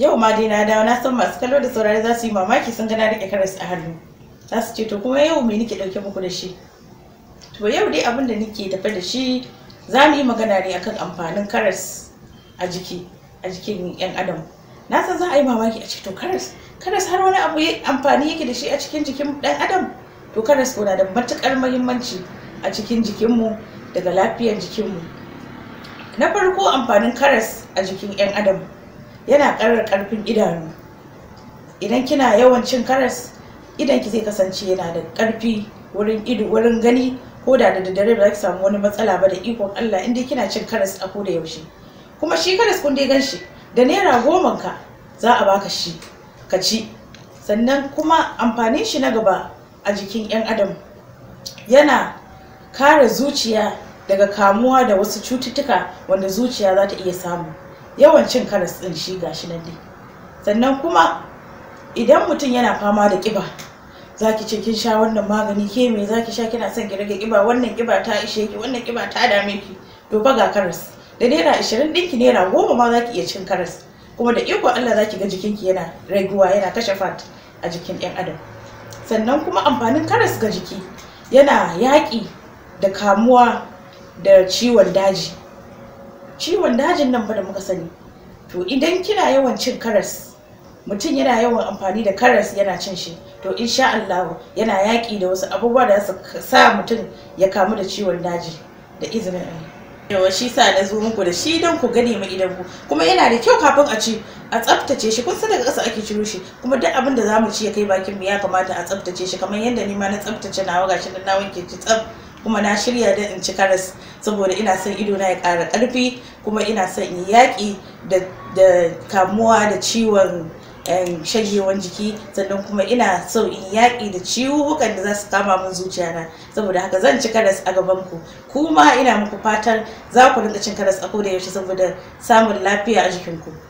yau ma dai na dawo na san masu kallo da saurari za su yi mamaki sun gana rike karas a hannu za su ce to kuma yau me nake dauke muku da shi to yau dai abin da nake tafe da shi za mu yi magana ne akan amfanin karas a jiki a jikin yan adam na san za a yi mamaki a cikin to karas karas har wani abu amfani yake da shi a cikin jikin dan adam to karas ko da matukar muhimmanci a cikin jikinmu daga lafiyar jikinmu na farko amfanin karas a jikin yan adam yana ƙarar ƙarfin idanu idan kina yawan cin karas idan ki zai kasance yana da ƙarfi wurin ido wurin gani ko da da daddare ba za ki samu wani matsala ba da ikon Allah inda kina cin karas a koda yaushe kuma shi karas kun dai gan shi da naira goma ka za a baka shi ka ci sannan kuma amfanin shi na gaba a jikin 'yan adam yana kare zuciya daga kamuwa da wasu cututtuka wanda zuciya za ta iya samu yawan cin karas ɗin shi gashi nan dai sannan kuma idan mutum yana fama da ƙiba zaki ce kin sha wannan magani ke me zaki sha kina son ki rage ƙiba wannan ƙiba ta ishe ki wannan ƙiba ta dame ki to fa ga karas da naira ashirin ɗinki naira goma ma zaki iya cin karas kuma da iko Allah zaki ga jikinki yana raguwa yana kashe fat a jikin ɗan adam sannan kuma amfanin karas ga jiki yana yaƙi da kamuwa da ciwon daji ciwon dajin nan ba da muka sani to idan kina yawan cin karas mutum yana yawan amfani da karas yana cin shi to insha Allah yana yaƙi da wasu abubuwa da su sa mutum ya kamu da ciwon daji da izinin Allah yawa shi sa na zo muku da shi don ku gane mu idan ku kuma yana da kyau kafin a ci a tsaftace shi kun san daga ƙasa ake ciro shi kuma duk abin da zamu ci ya kai bakin mu ya kamata a tsaftace shi kamar yadda ni ma na tsaftace nawa gashi na wanke ci tsaf kuma na shirya da in ci karas saboda ina son ido na ya ƙara ƙarfi kuma ina son in yaƙi da kamuwa da ciwon shagewan jiki sannan kuma ina so in yaƙi da ciwukan da za su kama min zuciya na saboda haka zan ci karas a gaban ku kuma ina muku fatan za ku rinka cin karas a koda yaushe saboda samun lafiya a jikinku. ku